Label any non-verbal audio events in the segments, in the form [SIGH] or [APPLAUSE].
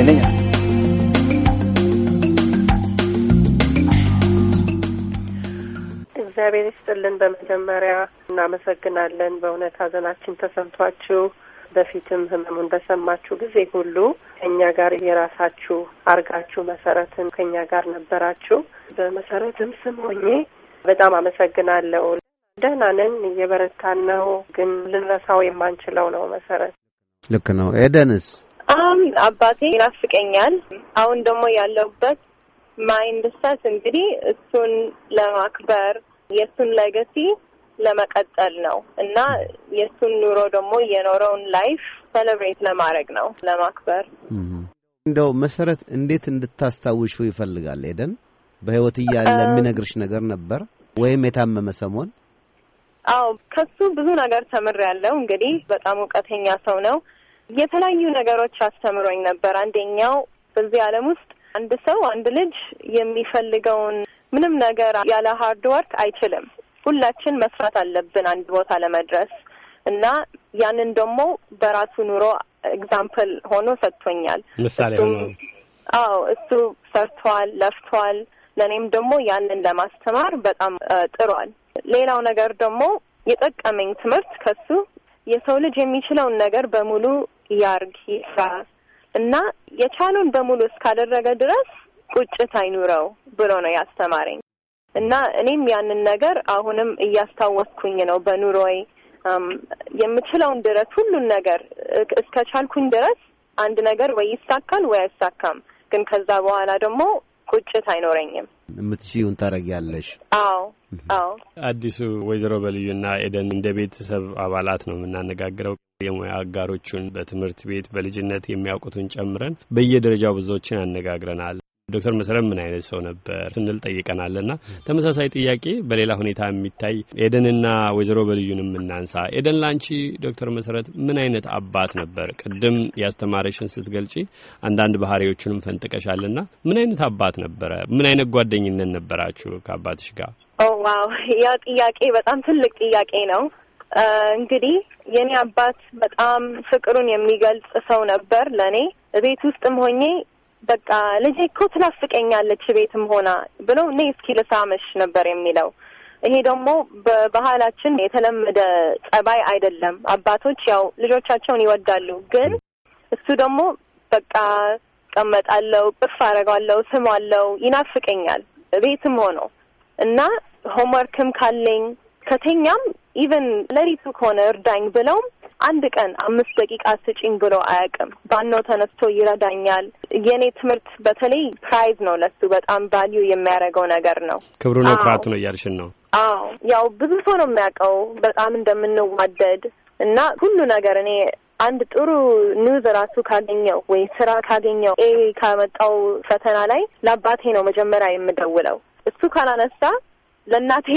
ጤነኛ እግዚአብሔር ይስጥልን። በመጀመሪያ እናመሰግናለን። በእውነት ሀዘናችን ተሰምቷችሁ በፊትም ህመሙን በሰማችሁ ጊዜ ሁሉ ከእኛ ጋር የራሳችሁ አርጋችሁ መሰረትን ከእኛ ጋር ነበራችሁ። በመሰረትም ስም ሆኜ በጣም አመሰግናለሁ። ደህና ነን፣ እየበረታን ነው፣ ግን ልንረሳው የማንችለው ነው መሰረት። ልክ ነው። ኤደንስ በጣም አባቴ ይናፍቀኛል። አሁን ደግሞ ያለሁበት ማይንድ ሰት እንግዲህ እሱን ለማክበር የእሱን ለገሲ ለመቀጠል ነው እና የእሱን ኑሮ ደግሞ የኖረውን ላይፍ ሰለብሬት ለማድረግ ነው ለማክበር። እንደው መሰረት እንዴት እንድታስታውሹ ይፈልጋል ደን በህይወት እያለ የሚነግርሽ ነገር ነበር ወይም የታመመ ሰሞን? አዎ ከሱ ብዙ ነገር ተምሬያለሁ። እንግዲህ በጣም እውቀተኛ ሰው ነው። የተለያዩ ነገሮች አስተምሮኝ ነበር። አንደኛው በዚህ ዓለም ውስጥ አንድ ሰው አንድ ልጅ የሚፈልገውን ምንም ነገር ያለ ሀርድ ወርክ አይችልም። ሁላችን መስራት አለብን አንድ ቦታ ለመድረስ እና ያንን ደግሞ በራሱ ኑሮ ኤግዛምፕል ሆኖ ሰጥቶኛል። ምሳሌ አዎ፣ እሱ ሰርቷል፣ ለፍቷል። ለእኔም ደግሞ ያንን ለማስተማር በጣም ጥሯል። ሌላው ነገር ደግሞ የጠቀመኝ ትምህርት ከሱ የሰው ልጅ የሚችለውን ነገር በሙሉ ያርግ ይስራ እና የቻለውን በሙሉ እስካደረገ ድረስ ቁጭት አይኑረው ብሎ ነው ያስተማረኝ እና እኔም ያንን ነገር አሁንም እያስታወስኩኝ ነው በኑሮዬ የምችለውን ድረስ ሁሉን ነገር እስከ ቻልኩኝ ድረስ አንድ ነገር ወይ ይሳካል ወይ አይሳካም፣ ግን ከዛ በኋላ ደግሞ ቁጭት አይኖረኝም። የምትችይውን ታደርጊያለሽ። አዎ አዎ። አዲሱ ወይዘሮ በልዩና ኤደን እንደ ቤተሰብ አባላት ነው የምናነጋግረው። የሙያ አጋሮቹን በትምህርት ቤት በልጅነት የሚያውቁትን ጨምረን በየደረጃው ብዙዎችን አነጋግረናል። ዶክተር መሰረት ምን አይነት ሰው ነበር ስንል ጠይቀናል ና ተመሳሳይ ጥያቄ በሌላ ሁኔታ የሚታይ ኤደንና ወይዘሮ በልዩንም እናንሳ። ኤደን ላንቺ ዶክተር መሰረት ምን አይነት አባት ነበር? ቅድም ያስተማረሽን ስትገልጪ አንዳንድ ባህሪዎቹንም ፈንጥቀሻል ና ምን አይነት አባት ነበረ? ምን አይነት ጓደኝነት ነበራችሁ ከአባትሽ ጋር? ኦ ዋው፣ ያ ጥያቄ በጣም ትልቅ ጥያቄ ነው። እንግዲህ የኔ አባት በጣም ፍቅሩን የሚገልጽ ሰው ነበር። ለእኔ ቤት ውስጥም ሆኜ በቃ ልጄ እኮ ትናፍቀኛለች ቤትም ሆና ብሎ እኔ እስኪ ልሳመሽ ነበር የሚለው። ይሄ ደግሞ በባህላችን የተለመደ ጸባይ አይደለም። አባቶች ያው ልጆቻቸውን ይወዳሉ፣ ግን እሱ ደግሞ በቃ ቀመጣለው፣ ቅፍ አረጋለው፣ ስሟለው፣ ይናፍቀኛል ቤትም ሆኖ እና ሆምወርክም ካለኝ ከተኛም ኢቨን ለሪቱ ከሆነ እርዳኝ ብለውም አንድ ቀን አምስት ደቂቃ ስጪኝ ብሎ አያውቅም። ባነው ተነስቶ ይረዳኛል። የእኔ ትምህርት በተለይ ፕራይዝ ነው ለሱ በጣም ቫሊዩ የሚያደርገው ነገር ነው። ነው ኩራቱ ነው እያልሽን ነው? አዎ ያው ብዙ ሰው ነው የሚያውቀው በጣም እንደምንዋደድ እና ሁሉ ነገር እኔ አንድ ጥሩ ኒውዝ ራሱ ካገኘው ወይ ስራ ካገኘው ኤ ካመጣው ፈተና ላይ ለአባቴ ነው መጀመሪያ የምደውለው። እሱ ካላነሳ ለእናቴ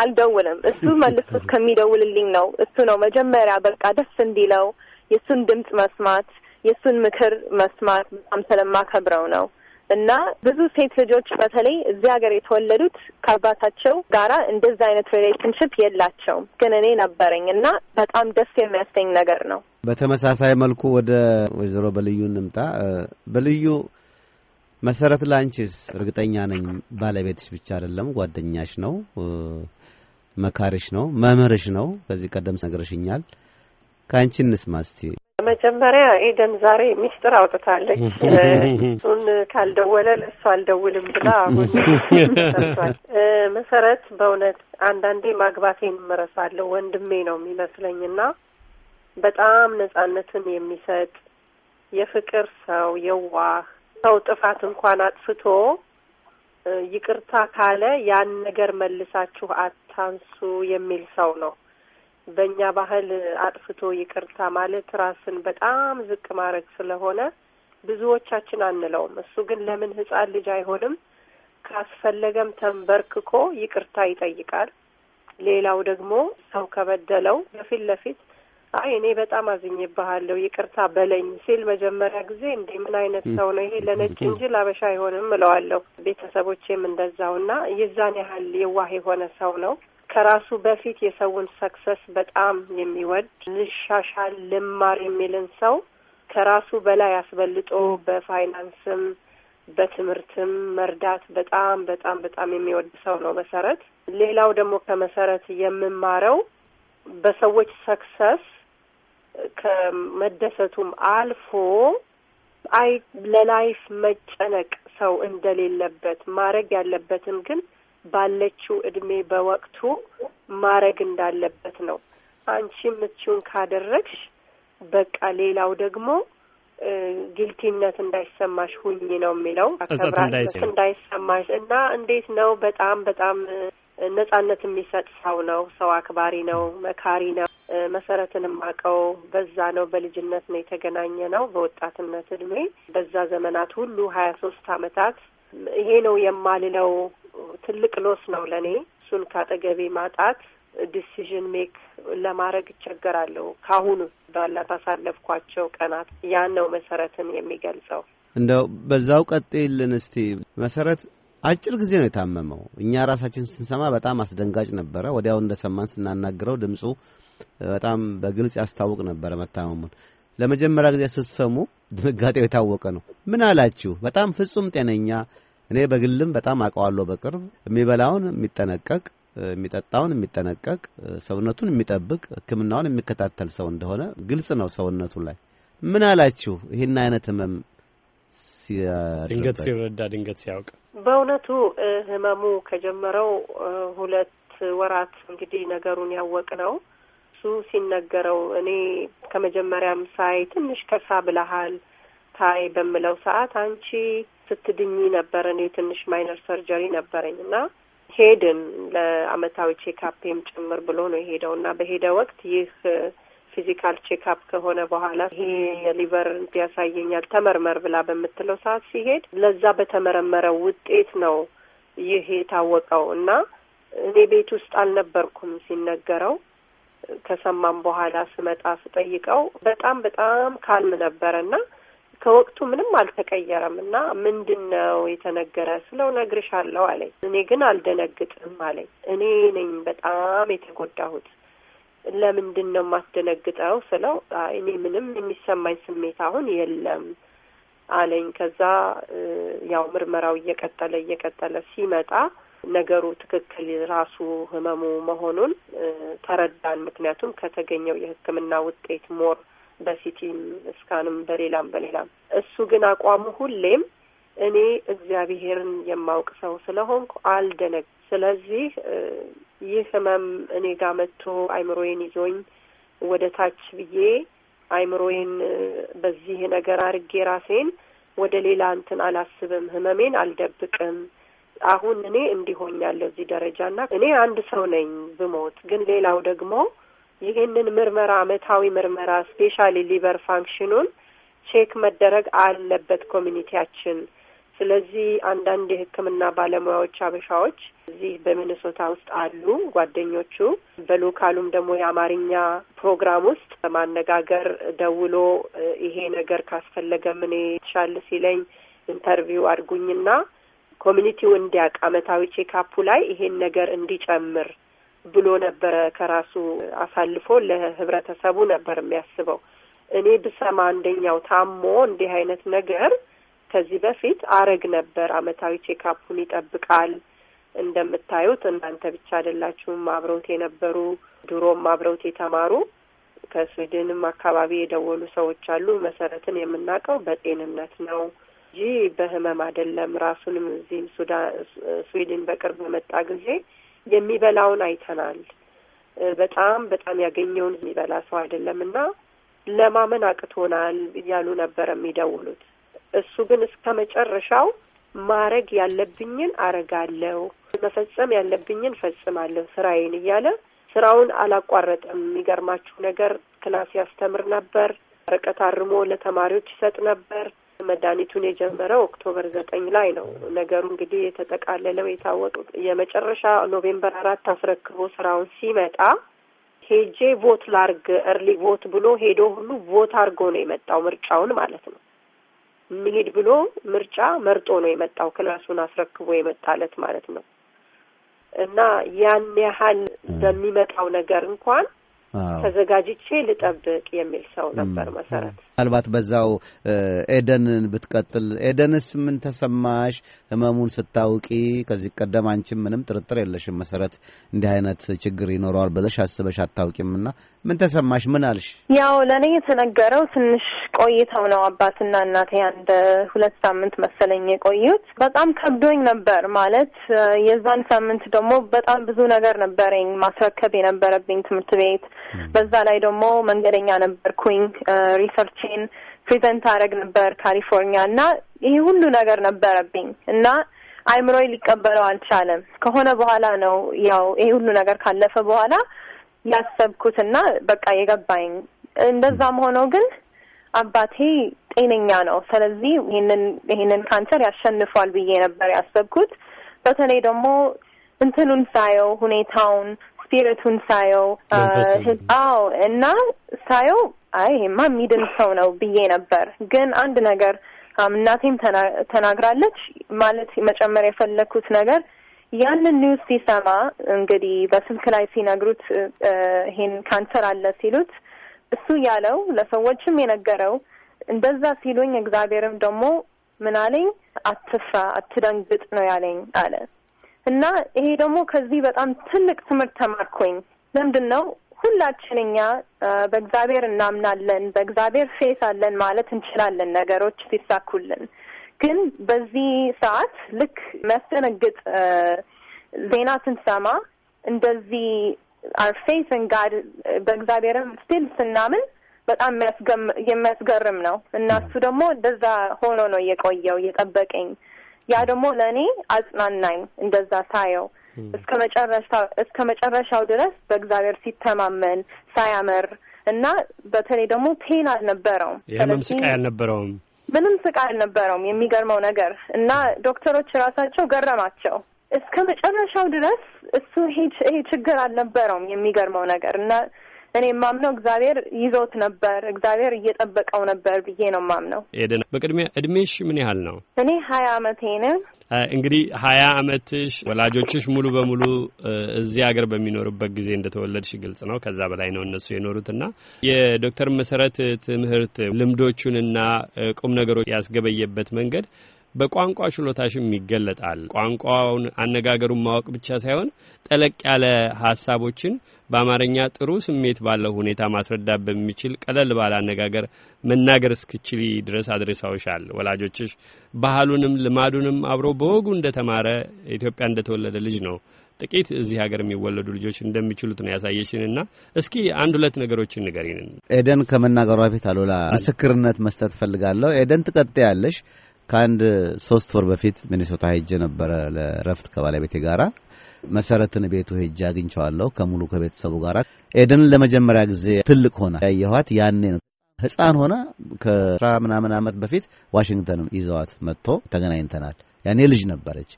አልደውልም። እሱ [LAUGHS] መልሶ እስከሚደውልልኝ ነው። እሱ ነው መጀመሪያ በቃ ደስ እንዲለው የእሱን ድምፅ መስማት የእሱን ምክር መስማት በጣም ስለማከብረው ነው። እና ብዙ ሴት ልጆች በተለይ እዚህ ሀገር የተወለዱት ከአባታቸው ጋራ እንደዛ አይነት ሪሌሽንሽፕ የላቸውም፣ ግን እኔ ነበረኝ እና በጣም ደስ የሚያሰኝ ነገር ነው። በተመሳሳይ መልኩ ወደ ወይዘሮ በልዩ እንምጣ። በልዩ መሰረት ላንቺስ እርግጠኛ ነኝ ባለቤትሽ ብቻ አይደለም፣ ጓደኛሽ ነው፣ መካሪሽ ነው፣ መምህርሽ ነው። ከዚህ ቀደም ነግረሽኛል። ከአንቺ እንስማ እስቲ መጀመሪያ ኤደን ዛሬ ሚስጥር አውጥታለች። [LAUGHS] እሱን ካልደወለ ለእሱ አልደውልም ብላ አሁን [LAUGHS] መሰረት በእውነት አንዳንዴ ማግባቴን እረሳለሁ። ወንድሜ ነው የሚመስለኝ እና በጣም ነጻነትን የሚሰጥ የፍቅር ሰው፣ የዋህ ሰው ጥፋት እንኳን አጥፍቶ ይቅርታ ካለ ያን ነገር መልሳችሁ አታንሱ የሚል ሰው ነው። በእኛ ባህል አጥፍቶ ይቅርታ ማለት ራስን በጣም ዝቅ ማድረግ ስለሆነ ብዙዎቻችን አንለውም። እሱ ግን ለምን ህፃን ልጅ አይሆንም? ካስፈለገም ተንበርክኮ ይቅርታ ይጠይቃል። ሌላው ደግሞ ሰው ከበደለው በፊት ለፊት አይ እኔ በጣም አዝኜብሃለሁ ይቅርታ በለኝ ሲል መጀመሪያ ጊዜ እንዴ ምን አይነት ሰው ነው ይሄ? ለነጭ እንጂ ላበሻ አይሆንም እለዋለሁ። ቤተሰቦቼም እንደዛው እና የዛን ያህል የዋህ የሆነ ሰው ነው ከራሱ በፊት የሰውን ሰክሰስ በጣም የሚወድ ልሻሻል፣ ልማር የሚልን ሰው ከራሱ በላይ አስበልጦ በፋይናንስም በትምህርትም መርዳት በጣም በጣም በጣም የሚወድ ሰው ነው መሰረት። ሌላው ደግሞ ከመሰረት የምማረው በሰዎች ሰክሰስ ከመደሰቱም አልፎ አይ ለላይፍ መጨነቅ ሰው እንደሌለበት ማድረግ ያለበትን ግን ባለችው እድሜ በወቅቱ ማረግ እንዳለበት ነው። አንቺ የምትችውን ካደረግሽ በቃ ሌላው ደግሞ ግልቲነት እንዳይሰማሽ ሁኝ ነው የሚለው አከብራለች እንዳይሰማሽ እና እንዴት ነው በጣም በጣም ነጻነት የሚሰጥ ሰው ነው። ሰው አክባሪ ነው፣ መካሪ ነው። መሰረትን የማውቀው በዛ ነው። በልጅነት ነው የተገናኘ ነው። በወጣትነት እድሜ በዛ ዘመናት ሁሉ ሀያ ሶስት አመታት ይሄ ነው የማልለው ትልቅ ሎስ ነው ለእኔ። እሱን ካጠገቤ ማጣት ዲሲዥን ሜክ ለማድረግ እቸገራለሁ። ካሁኑ ባላት አሳለፍኳቸው ቀናት ያን ነው መሰረትን የሚገልጸው። እንደው በዛው ቀጥልን እስቲ መሰረት አጭር ጊዜ ነው የታመመው። እኛ ራሳችን ስንሰማ በጣም አስደንጋጭ ነበረ። ወዲያው ሰማን ስናናግረው ድምፁ በጣም በግልጽ ያስታውቅ ነበረ መታመሙን። ለመጀመሪያ ጊዜ ስትሰሙ ድንጋጤው የታወቀ ነው። ምን አላችሁ? በጣም ፍጹም ጤነኛ እኔ በግልም በጣም አውቀዋለሁ። በቅርብ የሚበላውን የሚጠነቀቅ የሚጠጣውን የሚጠነቀቅ ሰውነቱን የሚጠብቅ ሕክምናውን የሚከታተል ሰው እንደሆነ ግልጽ ነው። ሰውነቱ ላይ ምን አላችሁ? ይህን አይነት ህመም ድንገት ሲረዳ ድንገት ሲያውቅ በእውነቱ ህመሙ ከጀመረው ሁለት ወራት እንግዲህ ነገሩን ያወቅ ነው እሱ ሲነገረው እኔ ከመጀመሪያም ሳይ ትንሽ ከሳ ብለሃል ሳይ በምለው ሰዓት አንቺ ስትድኚ ነበር፣ እኔ ትንሽ ማይነር ሰርጀሪ ነበረኝ እና ሄድን ለአመታዊ ቼካፕም ጭምር ብሎ ነው የሄደው እና በሄደ ወቅት ይህ ፊዚካል ቼካፕ ከሆነ በኋላ ይሄ የሊቨር ያሳየኛል ተመርመር ብላ በምትለው ሰዓት ሲሄድ ለዛ በተመረመረ ውጤት ነው ይህ የታወቀው እና እኔ ቤት ውስጥ አልነበርኩም ሲነገረው። ከሰማም በኋላ ስመጣ ስጠይቀው በጣም በጣም ካልም ነበረ እና ከወቅቱ ምንም አልተቀየረም እና ምንድን ነው የተነገረ ስለው እነግርሻለሁ አለኝ። እኔ ግን አልደነግጥም አለኝ። እኔ ነኝ በጣም የተጎዳሁት ለምንድን ነው የማስደነግጠው ስለው እኔ ምንም የሚሰማኝ ስሜት አሁን የለም አለኝ። ከዛ ያው ምርመራው እየቀጠለ እየቀጠለ ሲመጣ ነገሩ ትክክል ራሱ ህመሙ መሆኑን ተረዳን። ምክንያቱም ከተገኘው የሕክምና ውጤት ሞር በሲቲም እስካንም በሌላም በሌላም እሱ ግን አቋሙ ሁሌም እኔ እግዚአብሔርን የማውቅ ሰው ስለሆንኩ አልደነግ ስለዚህ ይህ ህመም እኔ ጋር መጥቶ አይምሮዬን ይዞኝ ወደ ታች ብዬ አይምሮዬን በዚህ ነገር አርጌ ራሴን ወደ ሌላ እንትን አላስብም፣ ህመሜን አልደብቅም። አሁን እኔ እንዲሆኛለሁ እዚህ ደረጃ ና እኔ አንድ ሰው ነኝ ብሞት፣ ግን ሌላው ደግሞ ይህንን ምርመራ አመታዊ ምርመራ ስፔሻሊ ሊቨር ፋንክሽኑን ቼክ መደረግ አለበት ኮሚኒቲያችን። ስለዚህ አንዳንድ የሕክምና ባለሙያዎች አበሻዎች እዚህ በሚኒሶታ ውስጥ አሉ። ጓደኞቹ በሎካሉም ደግሞ የአማርኛ ፕሮግራም ውስጥ በማነጋገር ደውሎ ይሄ ነገር ካስፈለገ ምን ይሻል ሲለኝ ኢንተርቪው አድርጉኝና ኮሚኒቲው እንዲያውቅ አመታዊ ቼካፑ ላይ ይሄን ነገር እንዲጨምር ብሎ ነበረ ከራሱ አሳልፎ ለህብረተሰቡ ነበር የሚያስበው። እኔ ብሰማ አንደኛው ታሞ እንዲህ አይነት ነገር ከዚህ በፊት አረግ ነበር። አመታዊ ቼካፑን ይጠብቃል። እንደምታዩት እናንተ ብቻ አይደላችሁም። አብረውት የነበሩ ድሮም አብረውት የተማሩ ከስዊድንም አካባቢ የደወሉ ሰዎች አሉ። መሰረትን የምናውቀው በጤንነት ነው እንጂ በህመም አይደለም። ራሱንም እዚህም ሱዳን ስዊድን በቅርብ በመጣ ጊዜ የሚበላውን አይተናል። በጣም በጣም ያገኘውን የሚበላ ሰው አይደለም እና ለማመን አቅቶናል እያሉ ነበር የሚደውሉት። እሱ ግን እስከ መጨረሻው ማረግ ያለብኝን አረጋለሁ፣ መፈጸም ያለብኝን ፈጽማለሁ ስራዬን እያለ ስራውን አላቋረጠም። የሚገርማችሁ ነገር ክላስ ያስተምር ነበር፣ ወረቀት አርሞ ለተማሪዎች ይሰጥ ነበር። መድኃኒቱን የጀመረው ኦክቶበር ዘጠኝ ላይ ነው። ነገሩ እንግዲህ የተጠቃለለው የታወቀው የመጨረሻ ኖቬምበር አራት አስረክቦ ስራውን ሲመጣ ሄጄ ቮት ላርግ እርሊ ቮት ብሎ ሄዶ ሁሉ ቮት አርጎ ነው የመጣው ምርጫውን ማለት ነው። ምሄድ ብሎ ምርጫ መርጦ ነው የመጣው ክላሱን አስረክቦ የመጣለት ማለት ነው። እና ያን ያህል በሚመጣው ነገር እንኳን ተዘጋጅቼ ልጠብቅ የሚል ሰው ነበር መሰረት ምናልባት በዛው ኤደንን ብትቀጥል፣ ኤደንስ ምን ተሰማሽ? ህመሙን ስታውቂ ከዚህ ቀደም አንቺም ምንም ጥርጥር የለሽም መሰረት እንዲህ አይነት ችግር ይኖረዋል ብለሽ አስበሽ አታውቂምና ምን ተሰማሽ? ምን አልሽ? ያው ለእኔ የተነገረው ትንሽ ቆይተው ነው አባትና እናቴ አንድ ሁለት ሳምንት መሰለኝ የቆዩት። በጣም ከብዶኝ ነበር ማለት የዛን ሳምንት ደግሞ በጣም ብዙ ነገር ነበረኝ ማስረከብ የነበረብኝ ትምህርት ቤት፣ በዛ ላይ ደግሞ መንገደኛ ነበርኩኝ ሪሰርች ፊልሞቼን ፕሬዘንት አደረግ ነበር ካሊፎርኒያ እና ይሄ ሁሉ ነገር ነበረብኝ እና አይምሮ ሊቀበለው አልቻለም። ከሆነ በኋላ ነው ያው ይሄ ሁሉ ነገር ካለፈ በኋላ ያሰብኩትና በቃ የገባኝ። እንደዛም ሆኖ ግን አባቴ ጤነኛ ነው። ስለዚህ ይህንን ይህንን ካንሰር ያሸንፏል ብዬ ነበር ያሰብኩት። በተለይ ደግሞ እንትኑን ሳየው ሁኔታውን ስፒሪቱን ሳየው አዎ እና ሳየው አይ ይሄማ የሚድን ሰው ነው ብዬ ነበር። ግን አንድ ነገር እናቴም ተናግራለች። ማለት መጨመር የፈለግኩት ነገር ያንን ኒውስ ሲሰማ እንግዲህ በስልክ ላይ ሲነግሩት ይሄን ካንሰር አለ ሲሉት እሱ ያለው ለሰዎችም የነገረው እንደዛ ሲሉኝ እግዚአብሔርም ደግሞ ምን አለኝ፣ አትፍራ አትደንግጥ ነው ያለኝ አለ እና ይሄ ደግሞ ከዚህ በጣም ትልቅ ትምህርት ተማርኩኝ። ለምንድን ነው ሁላችን እኛ በእግዚአብሔር እናምናለን፣ በእግዚአብሔር ፌስ አለን ማለት እንችላለን ነገሮች ሲሳኩልን። ግን በዚህ ሰዓት ልክ መስተነግጥ ዜና ስንሰማ እንደዚህ አር ፌስ ጋድ በእግዚአብሔርም ስቲል ስናምን በጣም የሚያስገርም ነው እና እሱ ደግሞ እንደዛ ሆኖ ነው የቆየው የጠበቀኝ። ያ ደግሞ ለእኔ አጽናናኝ እንደዛ ሳየው እስከ መጨረሻ እስከ መጨረሻው ድረስ በእግዚአብሔር ሲተማመን ሳያመር እና በተለይ ደግሞ ፔን አልነበረውም። የህመም ስቃይ አልነበረውም። ምንም ስቃይ አልነበረውም። የሚገርመው ነገር እና ዶክተሮች ራሳቸው ገረማቸው። እስከ መጨረሻው ድረስ እሱ ይሄ ችግር አልነበረውም። የሚገርመው ነገር እና እኔ የማምነው እግዚአብሔር ይዞት ነበር፣ እግዚአብሔር እየጠበቀው ነበር ብዬ ነው የማምነው። ኤደን፣ በቅድሚያ እድሜሽ ምን ያህል ነው? እኔ ሀያ አመቴ ነው። እንግዲህ ሀያ አመትሽ ወላጆችሽ ሙሉ በሙሉ እዚህ ሀገር በሚኖሩበት ጊዜ እንደተወለድሽ ግልጽ ነው። ከዛ በላይ ነው እነሱ የኖሩትና የዶክተር መሰረት ትምህርት ልምዶቹንና ቁም ነገሮች ያስገበየበት መንገድ በቋንቋ ችሎታሽም ይገለጣል። ቋንቋውን አነጋገሩን ማወቅ ብቻ ሳይሆን ጠለቅ ያለ ሀሳቦችን በአማርኛ ጥሩ ስሜት ባለው ሁኔታ ማስረዳት በሚችል ቀለል ባለ አነጋገር መናገር እስክችል ድረስ አድርሰውሻል። ወላጆችሽ ባህሉንም ልማዱንም አብሮ በወጉ እንደ ተማረ ኢትዮጵያ እንደ ተወለደ ልጅ ነው ጥቂት እዚህ ሀገር የሚወለዱ ልጆች እንደሚችሉት ነው ያሳየሽንና እስኪ አንድ ሁለት ነገሮችን ንገሪንን። ኤደን ከመናገሯ ፊት አሉላ ምስክርነት መስጠት ፈልጋለሁ። ኤደን ትቀጥ ያለሽ ከአንድ ሶስት ወር በፊት ሚኒሶታ ሄጄ ነበረ ለረፍት ከባለቤቴ ጋራ። መሰረትን ቤቱ ሄጄ አግኝቸዋለሁ ከሙሉ ከቤተሰቡ ጋር። ኤደንን ለመጀመሪያ ጊዜ ትልቅ ሆና ያየኋት ያኔ ነው። ህፃን ሆና ከስራ ምናምን ዓመት በፊት ዋሽንግተን ይዘዋት መጥቶ ተገናኝተናል። ያኔ ልጅ ነበረች።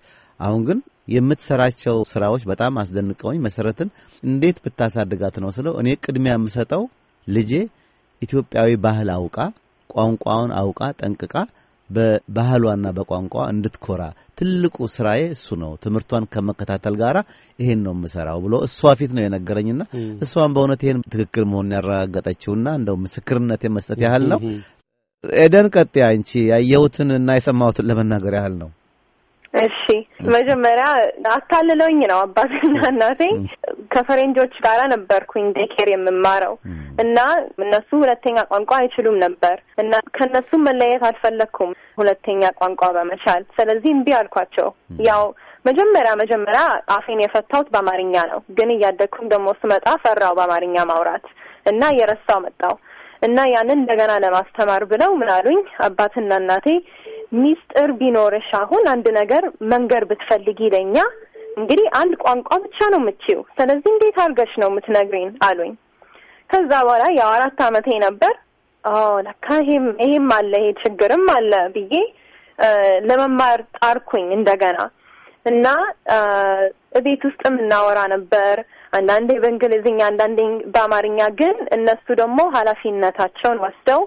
አሁን ግን የምትሰራቸው ስራዎች በጣም አስደንቀውኝ መሰረትን እንዴት ብታሳድጋት ነው ስለው እኔ ቅድሚያ የምሰጠው ልጄ ኢትዮጵያዊ ባህል አውቃ ቋንቋውን አውቃ ጠንቅቃ በባህሏና በቋንቋ እንድትኮራ ትልቁ ስራዬ እሱ ነው። ትምህርቷን ከመከታተል ጋር ይሄን ነው የምሰራው ብሎ እሷ ፊት ነው የነገረኝና እሷን በእውነት ይሄን ትክክል መሆኑን ያረጋገጠችውና እንደው ምስክርነት የመስጠት ያህል ነው። ኤደን፣ ቀጥያ አንቺ ያየሁትን እና የሰማሁትን ለመናገር ያህል ነው። እሺ መጀመሪያ አታልለውኝ ነው አባትና እናቴ። ከፈሬንጆች ጋራ ነበርኩኝ ዴኬር የምማረው እና እነሱ ሁለተኛ ቋንቋ አይችሉም ነበር እና ከእነሱም መለየት አልፈለግኩም ሁለተኛ ቋንቋ በመቻል ስለዚህ እምቢ አልኳቸው። ያው መጀመሪያ መጀመሪያ አፌን የፈታሁት በአማርኛ ነው፣ ግን እያደግኩም ደግሞ ስመጣ ፈራው በአማርኛ ማውራት እና የረሳው መጣው እና ያንን እንደገና ለማስተማር ብለው ምናሉኝ አባትና እናቴ ሚስጥር ቢኖርሽ አሁን አንድ ነገር መንገር ብትፈልጊ ለኛ እንግዲህ አንድ ቋንቋ ብቻ ነው የምችው። ስለዚህ እንዴት አድርገሽ ነው የምትነግሪን አሉኝ። ከዛ በኋላ ያው አራት አመቴ ነበር። ለካ ይሄም ይሄም አለ ይሄ ችግርም አለ ብዬ ለመማር ጣርኩኝ እንደገና እና እቤት ውስጥ እናወራ ነበር አንዳንዴ በእንግሊዝኛ አንዳንዴ በአማርኛ። ግን እነሱ ደግሞ ኃላፊነታቸውን ወስደው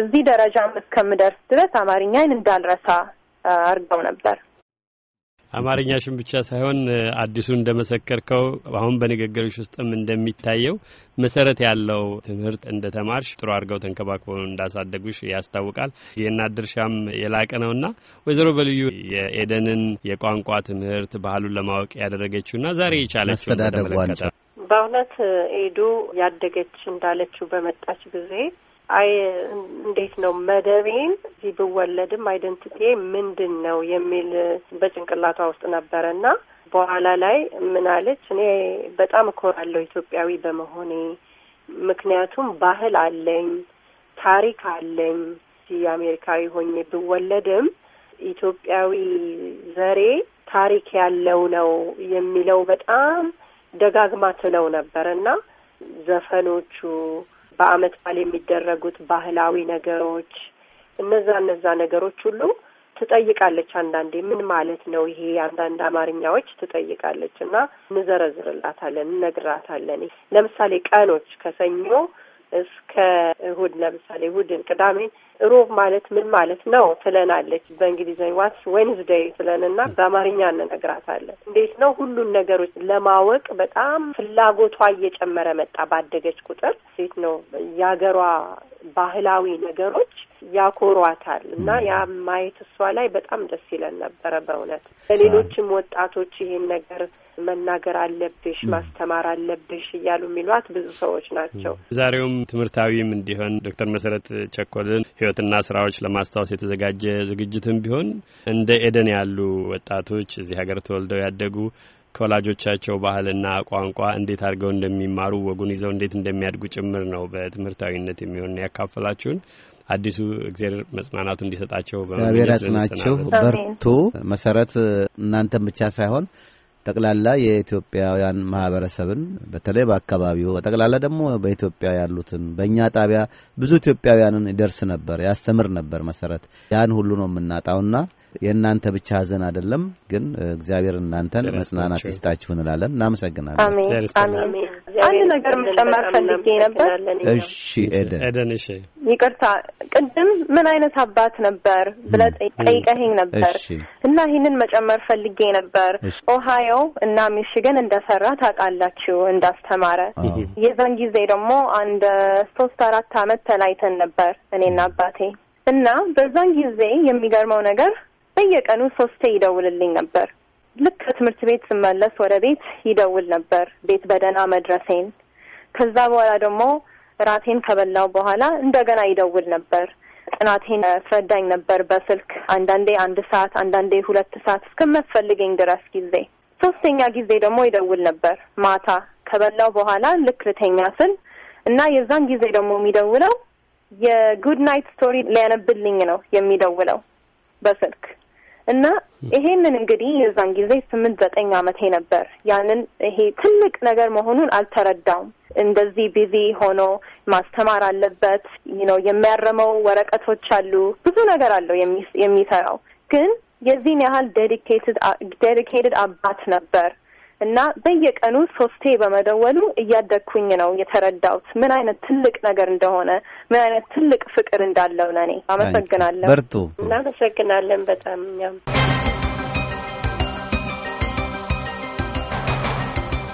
እዚህ ደረጃም እስከምደርስ ድረስ አማርኛን እንዳልረሳ አድርገው ነበር። አማርኛሽን ብቻ ሳይሆን አዲሱ እንደመሰከርከው አሁን በንግግሮች ውስጥም እንደሚታየው መሰረት ያለው ትምህርት እንደ ተማርሽ ጥሩ አድርገው ተንከባክበው እንዳሳደጉሽ ያስታውቃል። የእናት ድርሻም የላቀ ነውና ወይዘሮ በልዩ የኤደንን የቋንቋ ትምህርት ባህሉን ለማወቅ ያደረገችውና ዛሬ የቻለችው ተመለከተ። በእውነት ኤዱ ያደገች እንዳለችው በመጣች ጊዜ አይ እንዴት ነው መደቤን እዚህ ብወለድም አይደንቲቲ ምንድን ነው የሚል በጭንቅላቷ ውስጥ ነበረና በኋላ ላይ ምን አለች? እኔ በጣም እኮራለሁ ኢትዮጵያዊ በመሆኔ ምክንያቱም ባህል አለኝ፣ ታሪክ አለኝ። አሜሪካዊ ሆኜ ብወለድም ኢትዮጵያዊ ዘሬ ታሪክ ያለው ነው የሚለው በጣም ደጋግማ ትለው ነበር እና ዘፈኖቹ በአመት በዓል የሚደረጉት ባህላዊ ነገሮች እነዛ እነዛ ነገሮች ሁሉ ትጠይቃለች። አንዳንዴ ምን ማለት ነው ይሄ? አንዳንድ አማርኛዎች ትጠይቃለች እና እንዘረዝርላታለን፣ እነግራታለን። ለምሳሌ ቀኖች ከሰኞ እስከ እሁድ፣ ለምሳሌ እሁድን፣ ቅዳሜን ሮብ ማለት ምን ማለት ነው ትለናለች በእንግሊዝኛ ዋትስ ዌንዝዴይ ትለንና በአማርኛ እንነግራታለን። እንዴት ነው ሁሉን ነገሮች ለማወቅ በጣም ፍላጎቷ እየጨመረ መጣ ባደገች ቁጥር። ሴት ነው የሀገሯ ባህላዊ ነገሮች ያኮሯታል እና ያ ማየት እሷ ላይ በጣም ደስ ይለን ነበረ። በእውነት ለሌሎችም ወጣቶች ይሄን ነገር መናገር አለብሽ፣ ማስተማር አለብሽ እያሉ የሚሏት ብዙ ሰዎች ናቸው። ዛሬውም ትምህርታዊም እንዲሆን ዶክተር መሰረት ቸኮልን ህይወትና ስራዎች ለማስታወስ የተዘጋጀ ዝግጅትም ቢሆን እንደ ኤደን ያሉ ወጣቶች እዚህ ሀገር ተወልደው ያደጉ ከወላጆቻቸው ባህልና ቋንቋ እንዴት አድርገው እንደሚማሩ ወጉን ይዘው እንዴት እንደሚያድጉ ጭምር ነው በትምህርታዊነት የሚሆን ያካፈላችሁን። አዲሱ እግዚአብሔር መጽናናቱ እንዲሰጣቸው በእግዚአብሔር ያጽናቸው። በርቱ መሰረት እናንተን ብቻ ሳይሆን ጠቅላላ የኢትዮጵያውያን ማህበረሰብን በተለይ በአካባቢው ጠቅላላ ደግሞ በኢትዮጵያ ያሉትን በእኛ ጣቢያ ብዙ ኢትዮጵያውያንን ይደርስ ነበር፣ ያስተምር ነበር። መሰረት ያን ሁሉ ነው የምናጣውና የእናንተ ብቻ ሀዘን አይደለም፣ ግን እግዚአብሔር እናንተን መጽናናት ይስጣችሁ እንላለን። እናመሰግናለን። አንድ ነገር መጨመር ፈልጌ ነበር። እሺ ኤደን እሺ ይቅርታ፣ ቅድም ምን አይነት አባት ነበር ብለህ ጠይቀኸኝ ነበር እና ይህንን መጨመር ፈልጌ ነበር። ኦሃዮ እና ሚሽገን እንደሰራ ታውቃላችሁ፣ እንዳስተማረ የዛን ጊዜ ደግሞ አንድ ሶስት አራት አመት ተላይተን ነበር እኔና አባቴ እና በዛን ጊዜ የሚገርመው ነገር በየቀኑ ሶስቴ ይደውልልኝ ነበር። ልክ ከትምህርት ቤት ስመለስ ወደ ቤት ይደውል ነበር ቤት በደህና መድረሴን። ከዛ በኋላ ደግሞ ራቴን ከበላው በኋላ እንደገና ይደውል ነበር። ጥናቴን ያስረዳኝ ነበር በስልክ አንዳንዴ አንድ ሰዓት፣ አንዳንዴ ሁለት ሰዓት እስከሚያስፈልገኝ ድረስ ጊዜ። ሶስተኛ ጊዜ ደግሞ ይደውል ነበር ማታ ከበላው በኋላ ልክ ልተኛ ስል እና የዛን ጊዜ ደግሞ የሚደውለው የጉድ ናይት ስቶሪ ሊያነብልኝ ነው የሚደውለው በስልክ እና ይሄንን እንግዲህ የዛን ጊዜ ስምንት ዘጠኝ ዓመቴ ነበር። ያንን ይሄ ትልቅ ነገር መሆኑን አልተረዳውም። እንደዚህ ቢዚ ሆኖ ማስተማር አለበት ነው የሚያረመው፣ ወረቀቶች አሉ፣ ብዙ ነገር አለው የሚሰራው። ግን የዚህን ያህል ዴዲኬትድ አባት ነበር እና በየቀኑ ሶስቴ በመደወሉ እያደግኩኝ ነው የተረዳሁት ምን አይነት ትልቅ ነገር እንደሆነ፣ ምን አይነት ትልቅ ፍቅር እንዳለው ለእኔ። አመሰግናለሁ። በርቱ። እናመሰግናለን በጣም እኛም